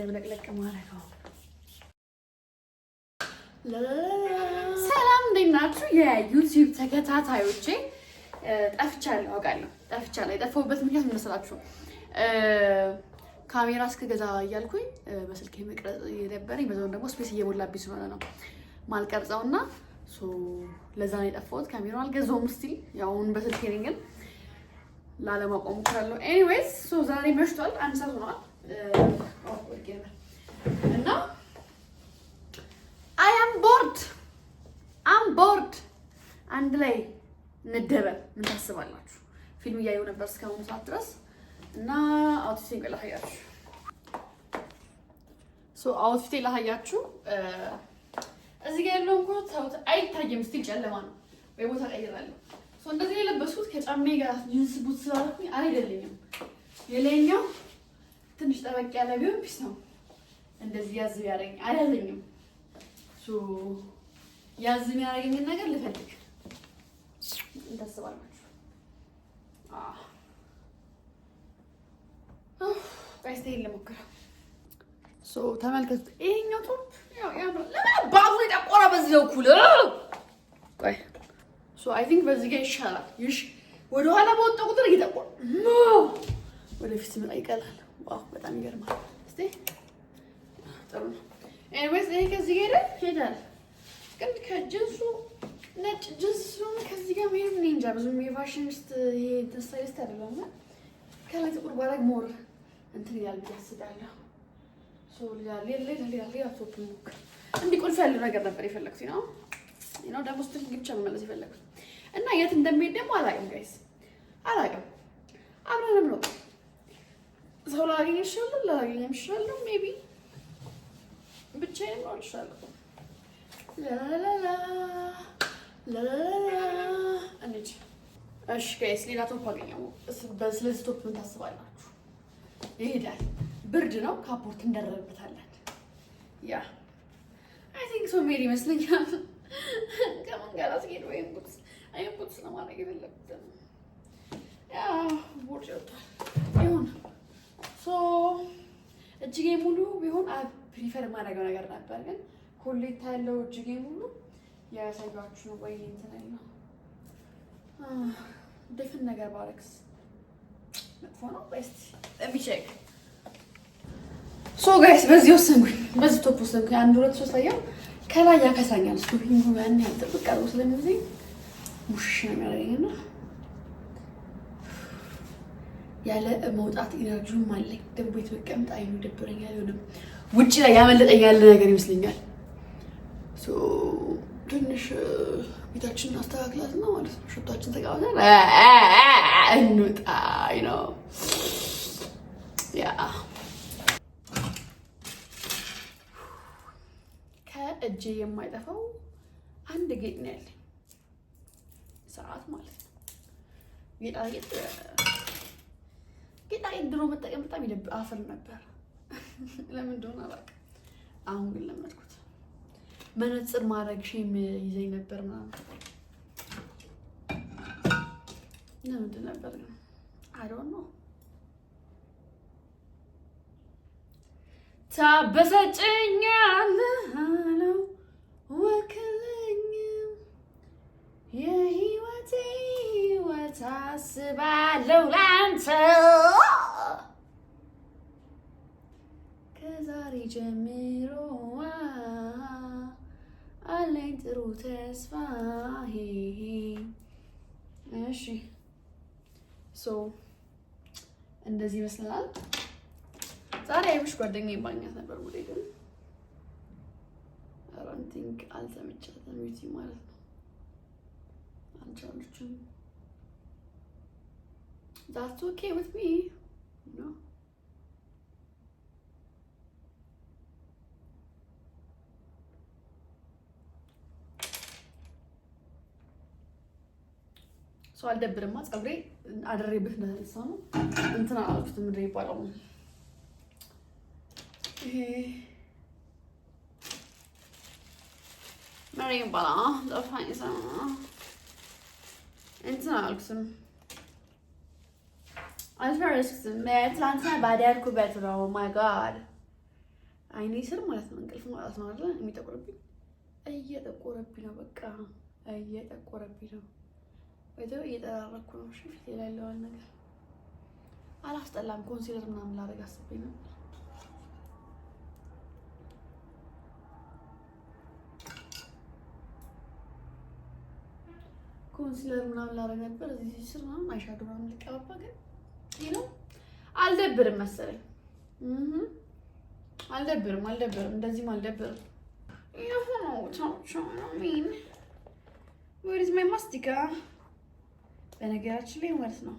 ደብለቅለቅ ማረገው። ሰላም እንዴት ናችሁ? የዩቲዩብ ተከታታዮቼ ጠፍቻለሁ፣ አውቃለሁ ጠፍቻለሁ። የጠፋሁበት ምክንያት መሰላችሁ? ካሜራ እስክገዛ እያልኩኝ በስልክ መቅረጽ የነበረኝ በዛውን ደግሞ ስፔስ እየሞላብኝ ስለሆነ ነው ማልቀርጸው እና ለዛ ነው የጠፋሁት። ካሜራ አልገዛሁም ስቲል ያው አሁን በስልክ ግን ላለማቆም እችላለሁ። ኤኒዌይስ ዛሬ መሽቷል፣ አንድ ሰዓት ሆኗል። አድርጌያለሁ እና አይ አም ቦርድ አም ቦርድ አንድ ላይ እንደበል። ምን ታስባላችሁ? ፊልም እያየሁ ነበር እስከሆኑ ሰዓት ድረስ እና አውትፊቴን ቆይ ላሳያችሁ። ሶ አውትፊቴ ላሳያችሁ። እዚህ ጋር ያለውን እኮ ተውት፣ አይታየም። ስቲል ጨለማ ነው። ወይ ቦታ ቀይራለሁ። ሶ እንደዚህ የለበስኩት ከጫሜ ጋር ጅንስ ቡት ስላልኩኝ አይደለኝም የላይኛው ትንሽ ጠበቅ ያለ ቢሆን ፒስ ነው። እንደዚህ ያዝ ያደረገኝ አላለኝም። እሱ ያዝ የሚያደርገኝን ነገር ልፈልግ እንዳስባላችሁ ቀስቴ ልሞክረው። ተመልከቱ። ይሄኛው ጡብ ባፉ የጠቆረ በዚህ በኩል አይ ቲንክ በዚህ ጋር ይሻላል። ወደኋላ በወጣ ቁጥር እየጠቆረ ወደፊት ይቀላል። ዋው በጣም ይገርማል። እስቲ ጥሩ ነው። ኤኒዌይስ ይሄ ከዚህ ጋር ሄዳል። ግን ከጅንሱ ነጭ ጅንሱን ከዚህ ጋር መሄድ እኔ እንጃ ብዙም የፋሽኒስት ይሄ ተስታይሊስት አይደለም። ከላይ ጥቁር ባረግ ሞር እንትን ይላል ብዬ አስባለሁ። ሶ ሌላ ሌላ ሌላ ሌላ ቶፕ ሞክር። እንዲህ ቁልፍ ያለው ነገር ነበር የፈለግኩት ነው ነው ደግሞ ስትል ብቻ መመለስ የፈለግኩት እና የት እንደሚሄድ ደግሞ አላውቅም። ጋይስ አላውቅም። አብረን ነው ሰው ላገኝ ይሻላል ላገኝ ይሻላል። ሜይ ብቻዬን ነው ይሻላል። እሺ ጋይስ፣ ሌላ ቶፕ አገኘው። ስለዚህ ቶፕ ምን ታስባላችሁ? ይሄዳል፣ ብርድ ነው፣ ካፖርት እንደረብበታለን። ያ አይ ቲንክ ሶ ሜሪ ይመስለኛል። ከምን ጋር አስጌድ ወይም ቁጥስ አይም ቁጥስ ለማድረግ የለብትም። ያ ቦርጭ ወጥቷል ይሁን ሶ እጅጌ ሙሉ ቢሆን ፕሪፈር የማደርገው ነገር ነበር፣ ግን ኮሌታ ያለው እጅጌ ሙሉ ያሳያችሁ ነው። ቆይ እንትን ነው ድፍን ነገር ባረክስ መጥፎ ነው ወይስ ለሚቼክ ሶ ጋይስ በዚህ ወሰንኩኝ፣ በዚህ ቶፕ ወሰንኩኝ። አንድ ሁለት ሶስት አየው ከላይ ያከሳኛል ስቶፒንግ ያን ያጥብቃሉ ስለዚህ ሙሽ ነው የሚያደርገኝ ነው ያለ መውጣት ኢነርጂውም አለኝ። ደግሞ ቤት መቀመጥ አይኑ ደብረኛል፣ አይሆንም ውጭ ላይ ያመለጠኝ ያለ ነገር ይመስለኛል። ትንሽ ቤታችንን አስተካክላት ነው ማለት ነው። ሽታችን ተቃውተን እንውጣ ነው ያ ከእጄ የማይጠፋው አንድ ጌጥ ነው ያለኝ፣ ሰዓት ማለት ነው ጌጣጌጥ ጌጣጌጥ ድሮ መጠቀም በጣም ይደብ አፍር ነበር። ለምን እንደሆነ አላውቅም። አሁን ግን ለመድኩት። መነጽር ማድረግ ሼም ይዘኝ ነበር ምናምን ለምንድን ነበር ግን ታበሳጨኛል አለው ወክለኝ የህይወቴ ታስባለው ላንተ ከዛሬ ጀምሮ አለኝ ጥሩ ተስፋዬ። እሺ ሶ እንደዚህ ይመስላል። ዛሬ አይብሽ ጓደኛ ማግኘት ነበር ጉዴ፣ ግን አይ ዶንት ቲንክ አልተመቻትም ማለት ነው። አልቻለችም። that's okay with me. You know? ሰው አልደብርማ። ፀጉሬ አድሬበት እንደተነሳ ነው። እንትን አላልኩት ምድር ይባላል ይሄ ምድር ጠፋኝ። እንትን አላልኩትም አልፈረስክም። ትናንትና ባዳ ነው። ማይ ጋድ oh አይኔ ስር ማለት ነው እንቅልፍ ማለት ነው አይደል? የሚጠቁርብኝ እየጠቆረብኝ ነው። በቃ እየጠቆረብኝ ነው። ወይቶ እየጠራረኩ ነው። እሺ ፊት የሌለውን ነገር አላስጠላም። ኮንሲለር ምናምን ላደርግ አስቤ ነው። ኮንሲለር ምናምን ላደርግ ነበር እዚህ ስር ምናምን አይሻዶ ምናምን ልቀባባ ግን አልደብርም መሰለኝ። አልደብርም አልደብርም እንደዚህም አልደብርም። ወሪዝ ማይ ማስቲካ በነገራችን ላይ ማለት ነው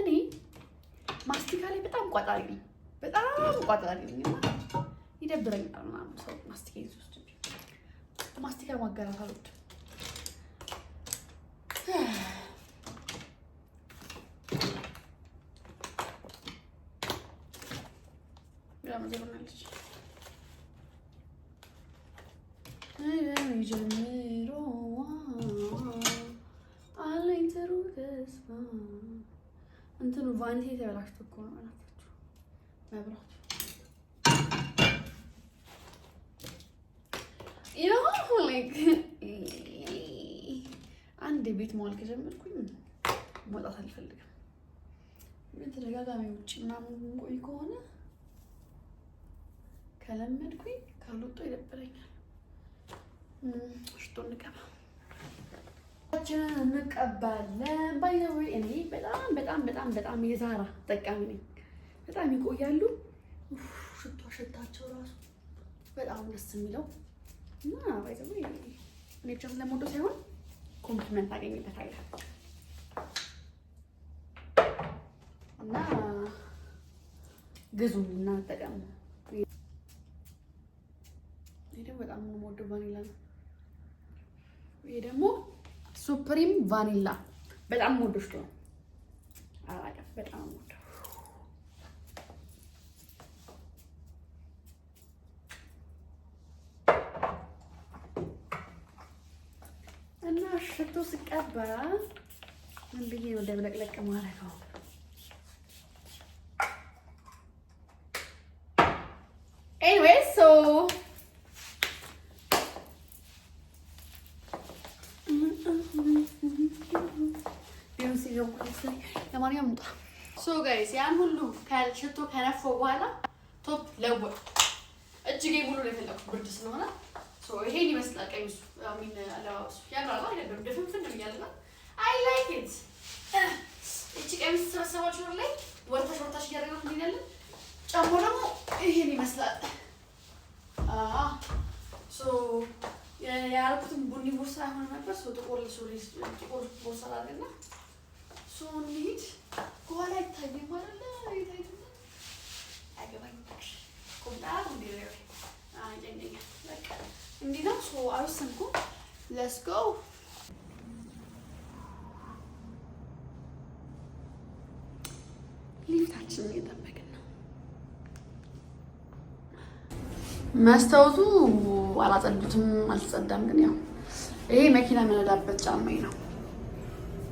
እኔ ማስቲካ ላይ በጣም ቋጣሪ ነኝ፣ በጣም ቋጣሪ ነኝ። ይደብረኛል ምናምን ሰው ማስቲካ ይዞ ውስጥ ማስቲካ ማጋራት አልወድም። ሆናለች። ጀምሮ አለኝ ጥሩ ተስፋ እንትኑ ቫንቲ እኮ ነው አላችሁ መብራቱ አንድ ቤት መዋል ከጀመርኩኝ መውጣት አልፈልግም። ተደጋጋሚ ውጭ ምናምን ቆይ ከሆነ ከለመድኩኝ ካልወጡ ይደብረኛል። ሽቶ እንቀባ እንቀባለን። ባይዘዌ እኔ በጣም በጣም በጣም በጣም የዛራ ተጠቃሚ ነኝ። በጣም ይቆያሉ። ሽቶ ሽታቸው ራሱ በጣም ደስ የሚለው እና ባይዘዌ እኔ ብቻ ለሞዶ ሳይሆን ኮምፕሊመንት አገኝበት አይለ እና ግዙ እና ተጠቀሙ። ሱፕሪም ቫኒላ በጣም ሞዶች ነው። እና ሽቶ ስቀባ ምን ብዬ ወደ ብለቅለቅ ማረገው ለማንኛውም እንጣ ሶ ጋይስ ያን ሁሉ ሽቶ ከነፎ በኋላ ቶፕ ለወጥ እጅጌ ሙሉ ነው የፈለኩት ብርድ ስለሆነ ይሄን ይመስላል። ቀሚሱ አይ ላይክ ኢት እቺ ቀሚስ ተሰበሰባችሁ ላይ ወርታሽ ወርታሽ እያደረገ ያለ ጫማ ደግሞ ይሄን ይመስላል። ያልኩትም ቡኒ ቦርሳ ሆነ ነበር ጥቁር ቦርሳ ላድርግና ሱን ልሂድ። ከኋላ አይታይም አይደለ? እንዲህ ነው አልወሰንኩም። ሌትስ ጎ ሊፍታችን እየጠበቅን ነው። መስታወቱ አላጸዱትም፣ አልተጸዳም። ግን ያው ይሄ መኪና የምንሄዳበት ጫማኝ ነው።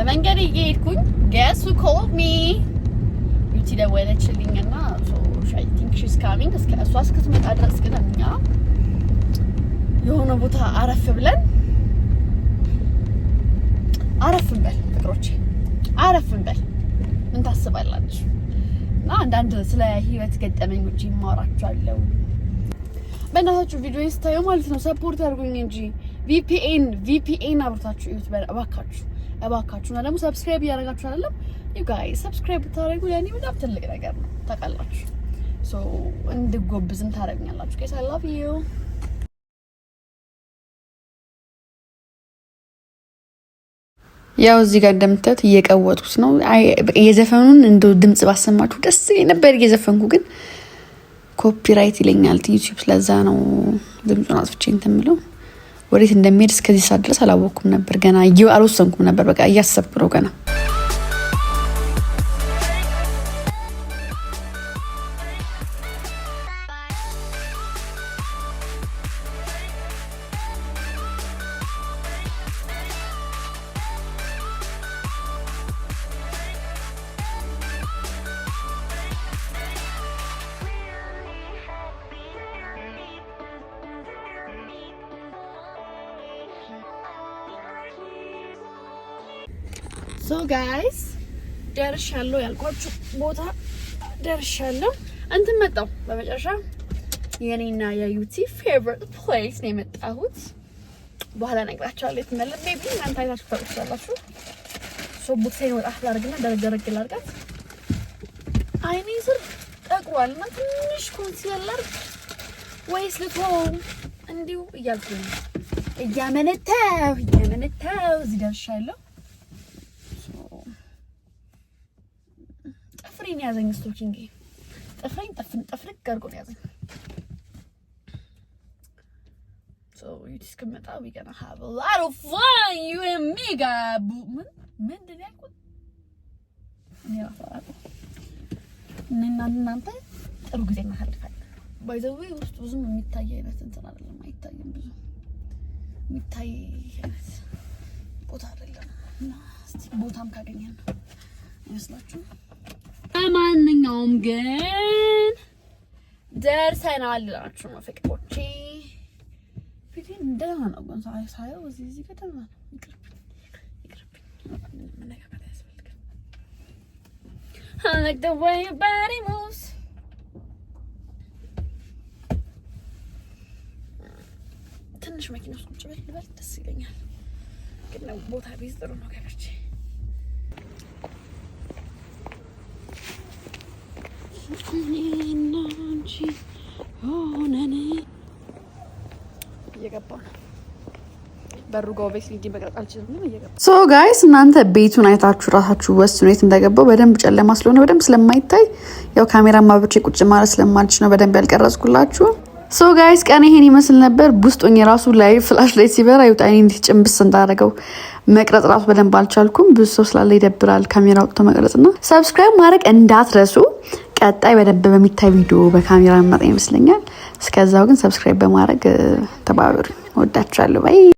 በመንገድ እየሄድኩኝ ገስ ኮል ሚ ዩቲ ደወለችልኝ እና ቲንክ ሺስ ካሚንግ እሷ እስክትመጣ ድረስ ግን እኛ የሆነ ቦታ አረፍ ብለን አረፍ እንበል ፍቅሮቼ፣ አረፍ እንበል። ምን ታስባላችሁ? እና አንዳንድ ስለ ህይወት ገጠመኞች ይማራችኋለሁ። በእናታችሁ ቪዲዮ ስታዩ ማለት ነው ሰፖርት አድርጉኝ እንጂ ቪፒኤን ቪፒኤን አብርታችሁ እዩት እባካችሁ። እባካችሁና ደግሞ ሰብስክራይብ እያደረጋችሁ አይደለም ዩ ጋይ ሰብስክራይብ ብታደረጉ ለእኔ በጣም ትልቅ ነገር ነው። ታውቃላችሁ እንድጎብዝም ታደረጉኛላችሁ። ጌስ አይ ላቭ ዩ ያው እዚህ ጋር እንደምታዩት እየቀወጥኩት ነው። የዘፈኑን እንደ ድምጽ ባሰማችሁ ደስ ነበር። እየዘፈንኩ ግን ኮፒራይት ይለኛል ዩቲዩብ። ስለዛ ነው ድምፁን አጥፍቼ እንትን ብለው ወዴት እንደሚሄድ እስከዚህ ሰዓት ድረስ አላወቅኩም ነበር። ገና አልወሰንኩም ነበር። በቃ እያሰብኩ ነው ገና ሶ ጋይስ ደርሻለሁ፣ ያልኳችሁ ቦታ ደርሻለሁ። እንትን መጣሁ። በመጨረሻ የኔና የዩቲ ፌቨሪት ፕሌስ ነው የመጣሁት። በኋላ እነግራችኋለሁ። የትመለስ ሜይ ቢ እናንተ አይታችሁ ታውቁታላችሁ። ሶ ቡክሴን ወጣ ላድርግና ደረጃረግ ላድርጋት። አይኔ ስር ጠቁሯል እና ትንሽ ኮንሲለር ላድርግ ወይስ ልትሆው እንዲሁ እያልኩ ነው። እያመነታው እዚህ ደርሻለሁ። ጥፍሬን ያዘኝ ስቶኪንግ ጥፍሬን ጥፍን ጠፍልቅ አድርጎ ነው ያዘኝ። So you just come out we gonna have ምን ምንድን ነው ያልኩት? እኔና እናንተ ጥሩ ጊዜ እናሳልፋለን። ባይ ዘ ዌይ ውስጥ ብዙም የሚታይ አይነት እንትን አይደለም፣ አይታይም ብዙ የሚታይ አይነት ቦታ አይደለም። እና እስኪ ቦታም ካገኘን ነው ለማንኛውም ግን ደርሰናል እላችሁ ነው ፍቅሮቼ። ፊቴ እንደሆነ ነው ግን ሳየው እዚህ እዚህ ከተማ ነው። ይቅርብኝ ይቅርብኝ፣ ምንም ነገር አያስፈልግም። I like the way your body moves ትንሽ መኪና ውስጥ ቁጭ በል ልበል፣ ደስ ይለኛል። ግን ቦታ ቢዝ ጥሩ ነው ገበርቼ እኔና አንቺ ሆነን እየገባ ነው። ሶ ጋይስ እናንተ ቤቱን አይታችሁ እራሳችሁ ወስኑ የት እንደገባው። በደንብ ጨለማ ስለሆነ በደንብ ስለማይታይ ያው ካሜራ ማብቼ ቁጭ ማለት ስለማልች ነው በደንብ ያልቀረጽኩላችሁ። ሶ ጋይስ ቀን ይሄን ይመስል ነበር። ቡስጦኝ የራሱ ላይ ፍላሽ ላይ ሲበራ ይውጣ አይኔ እንዲህ ጭንብስ እንዳደረገው መቅረጽ ራሱ በደንብ አልቻልኩም። ብዙ ሰው ስላለ ይደብራል ካሜራ ወጥቶ መቅረጽና ሰብስክራይብ ማድረግ እንዳትረሱ። ቀጣይ በደንብ በሚታይ ቪዲዮ በካሜራ መጣ ይመስለኛል። እስከዛው ግን ሰብስክራይብ በማድረግ ተባበሩ። ወዳችኋለሁ። ባይ